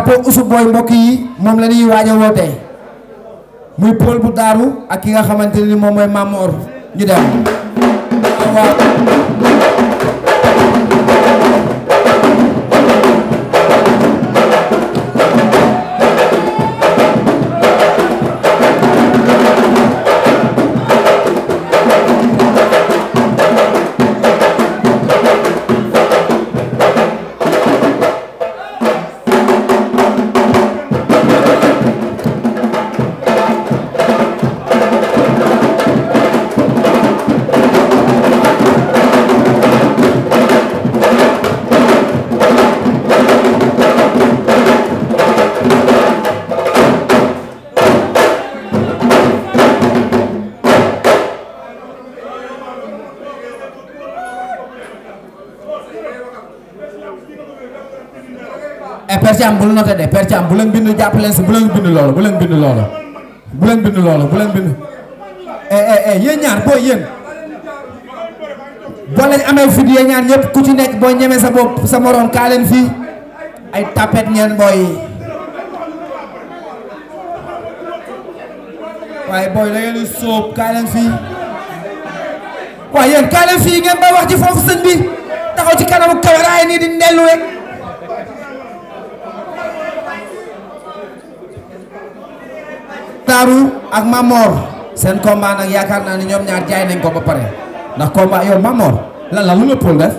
drapeau Ousou Boy mbokk yi moom la ñuy waaj a woote muy Paul bu daaru ak ki nga xamante ni moom mooy Mamor ñu dem e Père Thiam bu la noté de Père Thiam bu leen bind jàpp leen si bu leen bind loolu bu leen bind loolu bu leen bind loolu bu leen bind eh, eh, yéen ñaar booy yéen boo lañ amee fit yéen ñaar ñëpp ku ci nekk boo ñemee sa bopp sa moroom kaa leen fii ay tapet ngeen booy waaye booy da ngeen di sóob kaa leen fii waaye yéen kaa leen fii ngeen bay wax ci foofu sëñ bi taxaw ci kanamu caméra yi nii di nellu rek Taaru ak Mamor seen combat nag yaakaar naa ne ñoom ñaar jaay nañ ko ba pare ndax combat yow Mamor lan la lu nga Paul def.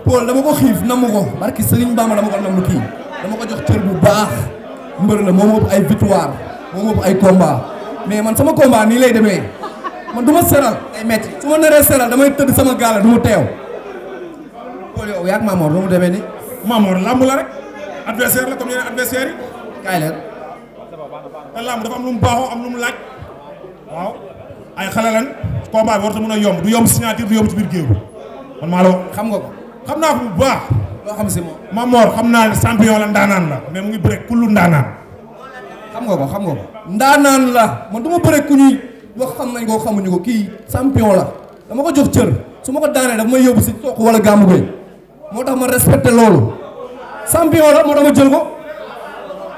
Paul dama ko xiif namu ko barki Serigne Bamba dama ko namu kii dama ko jox cër bu baax mbër la moom ëpp ay victoire moom ëpp ay combat mais man sama combat nii lay demee man du ma seral ay métti su ma naree seral damay tëdd sama gaale du mu teew Paul yow yaa ak Mamor lu mu demee ni Mamor lamb la rek adversaire la comme yeneen adversaire yi te làmb dafa am lu mu baaxoo am lu mu laaj waaw lan combat bi a yomb du yomb signature du yomb ci maa xam nga ko xam naa ko bu baax loo xam si xam naa ne champion la ndaanaan la mais mu ngi bëre kullu ndaanaan xam nga ko xam nga ko ndaanaan la man du ma bëre ku ñuy wax xam nañ ko xamuñu ko kii champion la dama ko jox cër su ma ko daanee daf may yóbbu si toog wala gàmmu goy moo tax ma respecté loolu champion la moo tax ma jël ko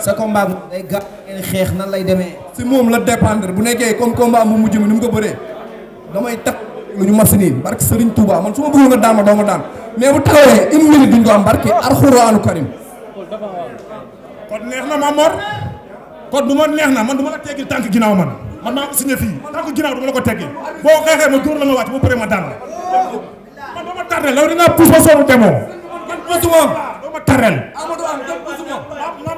sa combat moom day gàtt ngeen lay demee. si moom la dépendre bu nekkee comme combat mu mujj mi ni mu ko bëree damay takk lu ñu machine yi barke Serigne Touba man su ma bëggoon nga daan ma doo ma daan mais bu taxawee une ko am barke Alxuraanu Karim. na ma Mor kon bu ma neex na man du ma la teggil tànk ginnaaw man man maa ko signé ma la ko boo xeexee ba pare ma daan la man doo ma tardel loolu dinaa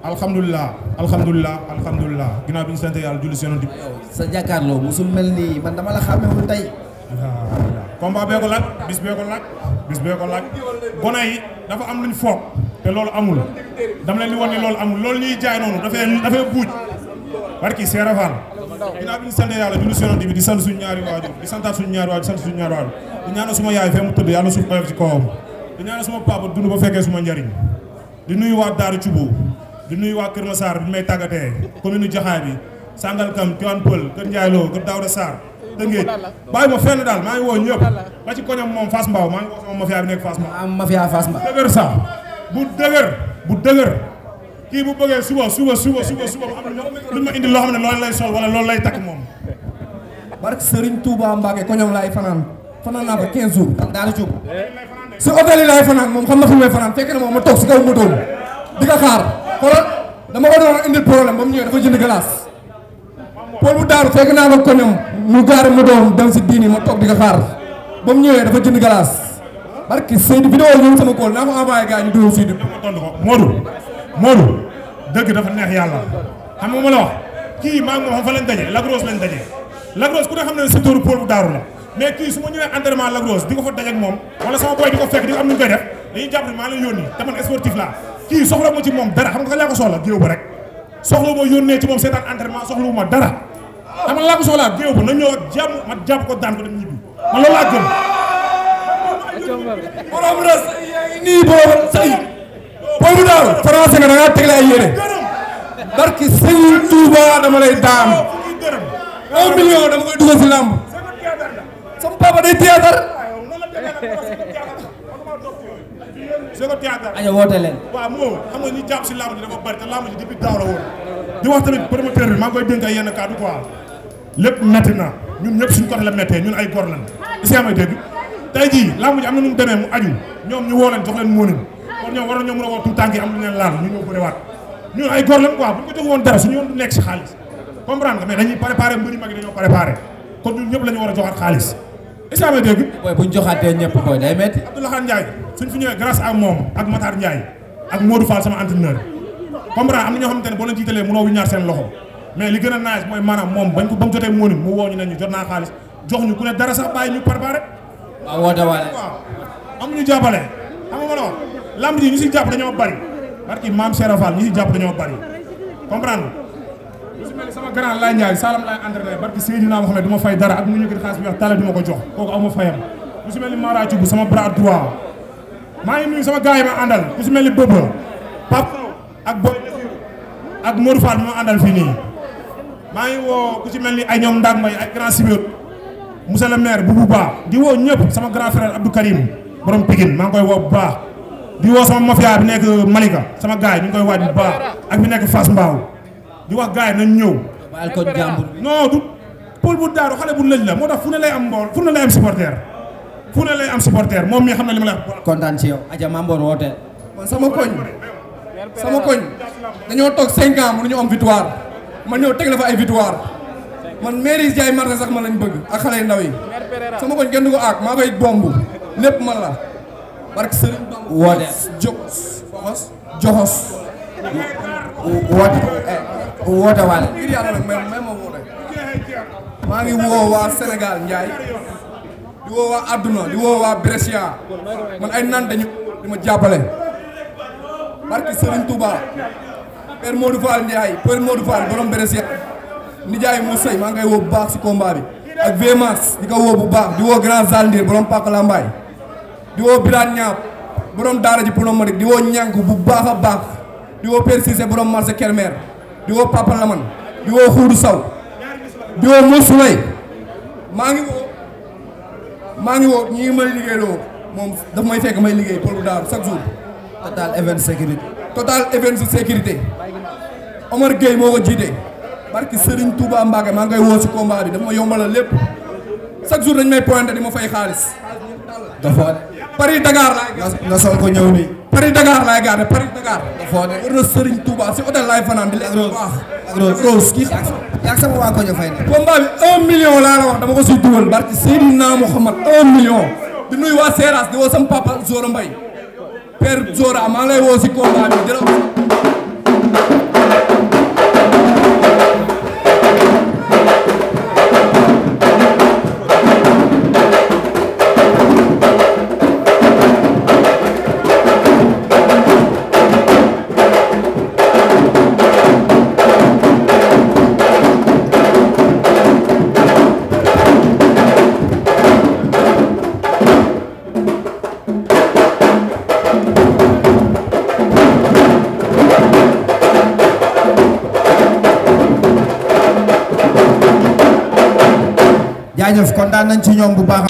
alhamdulilah alhamdulilah alhamdulilah ginnaaw bi ñu sant yàlla julli si yonent bi. sa jàkkaarloo musul mel nii man dama la xàmmewul tey. combat bee ko laaj bis bee ko laaj bis bee ko laaj gone yi dafa am luñ foog te loolu amul dama leen di wan ni loolu amul loolu ñuy jaay noonu dafay dafay buuj barki Seera Fall ginnaaw bi ñu sant yàlla julli si yonent bi di sant suñu ñaari waajur di santaat suñu ñaari waajur di sant suñu ñaari waajur di ñaanal suma yaay fee mu tëdd yàlla suuf oyof ci kawam di suma njariñ di nuyu waa Daaru Cubu di nuyu waa Kër Massar bi may tàggatee commune Jaxaay bi Sangalkam Tivaouane Peulh Kër Ndiaye Lo Kër Daouda Sarr Tëngéej bàyyi ma fenn daal maa ngi woo ñëpp ba ci koñam moom Fass Mbaw bu dëgër bu dëgër kii bu bëggee suba suba suba suba suba lu ma indi loo xam ne loolu lay sol wala loolu lay takk moom barke Serigne Touba Mbacke koñam laay fanaan fanaan naa fa 15 jours daal ci si hôtel yi laay fanaan moom xam na fu fanaan fekk na moom ma toog si kaw motoom di ko xaar xoolal dama ko doon indil problème ba mu ñëwee dafa jënd glace. Paul naa ma toog di ko xaar ba mu ñëwee dafa jënd glace. parce que Seydou vidéo xam fa lañ daje Lagros lañ daje Lagros ku ne xam ne secteur Paul bu daaru la. mais kii su ma ñëwee entraînement Lagros di ko fa daje ak moom wala sama boy di ko fekk di ko am nu ñu koy def dañuy jàpp ne maa la yónni te man sportif laa kii soxla ma ci moom dara xam nga laa ko soxla géew ba rek soxla ma yónnee ci moom seetaan entraînement soxla ma dara xam nga laa ko soxlaa géew ba na ñëw ak jàmm ma jàpp ko daan ko dem ñibbi man loolu laa gëm. borom res nii borom sëy boobu daal français nga da ngaa tegle ay yére barki sëñ Touba dama lay daam un million dama koy dugal si làmb sama papa c'est que théâtre aja woote leen moo xam nga ñu jàpp si lamb ji dafa bari te lamb ji depuis daaw la woon di wax tamit promoteur bi maa ngi koy dénk yenn kàddu quoi na am na nu mu demee mu aju ñoom ñu woo leen jox leen moonin kon ñoom waroon ñoo mën a woo tout tànk am lu leen laal ñu ñëw bëriwaat ñun ay góor lan quoi bu ñu ko jox woon dara suñu yoon nekk si xaalis comprendre nga mais dañuy préparé mbir mag yi dañoo préparé kon ñun ñëpp la ñu war a joxaat xaalis est-ce que amee dégg. booy bu ñu joxaatee ñëpp booy day métti. Abdoulaye Ndiaye suñ fi ñëwee grâce à moom ak Matar Ndiaye ak Modou Fall sama entraîneur comprendre am na ñoo xam ne boo leen jiitalee mënoo wu ñaar seen loxo mais li gën a naaj mooy a moom bañ ko ba mu jotee mu mu woo ñu ne ñu jot naa xaalis jox ñu ku ne dara sax bàyyi ñu préparé. waaw am ñu la wax lamb ñu jàpp dañoo bari barki maam Serap Fall ñu si jàpp dañoo bari comprendre su mel ni sama grand laa Ndiaye Salam ma ko jox kooku aw ma fayam ku su mel ni Mara Thioub sama bras droit maa ngi nuyu sama gars yi si àndal mel ni Bobo Pape ak Boy ak bi nii maa ngi woo ku ci mel ni ay ñoom Ndak Mbaye ay le maire bu bu baax di woo ñëpp sama grand frère borom Pikine maa ngi koy woo bu baax di woo sama mafia bi nekk Malika sama gars yi ñu ngi koy waaj bu baax ak bi nekk Fass Mbao di wax gars yi nañ ñëw. baal bu daaru xale bu lëj la moo tax fu ne lay am mbool fu ne lay am supporter fu ne lay am supporter moom mii xam na li ma la wax. kontaan ci yow Adja Mamboor woote. man sama koñ sama koñ dañoo toog 5 ans mënuñu am victoire man ñëw teg la fa ay victoire man mairie jaay marché sax man lañ bëgg ak xale yu ndaw yi sama koñ kenn du ko aak maa bay bomb lépp man la barke Sëriñ Bamba joxos joxos woote eh, ku woote waale. ngir yàlla nag même même ma woote maa ngi woo Sénégal Ndiaye di woo adduna di woo waa man ay naan di ma jàppale. barki Serigne Touba Père Modou Fall Ndiaye Père Modou Fall borom Brescia Ndiaye mu sëy maa ngay woo baax si combat bi ak Vémas di ko woo bu baax di woo Grand Zandir borom Pàkk di woo Birane Niang borom Daara ji pneumatique di woo ñànk bu baax baax di woo Père Cissé borom marché Kermer. di woo Papa Lamane di woo Khourou Sow di woo Moussa maa ngi woo maa ngi woo ñii may liggéeyloo moom daf may fekk may liggéey Paul bu Daaru chaque jour. Total Event Sécurité. Total Event Sécurité Omar Gueye moo ko jiite barki Serigne Touba Mbacke maa ngi koy woo si combat bi daf ma yombalal lépp chaque jour dañ may pointé di ma fay xaalis. dafa Paris Dakar laa. nga sol ko ñëw nii. Paris Dakar laay gaare Paris Dakar. rose Serigne Touba si hôtel laay fanaan di la. rose rose kii. yaa ngi sama fay na. combat bi un million laa la wax dama ko siy dugal barki Seydina Mouhamad un million. di nuyu waa Seras di woo sama papa Zora Mbaye père Zora maa lay woo si combat bi jërëjëf. jaajëf kontaan nañ ci ñoom bu baax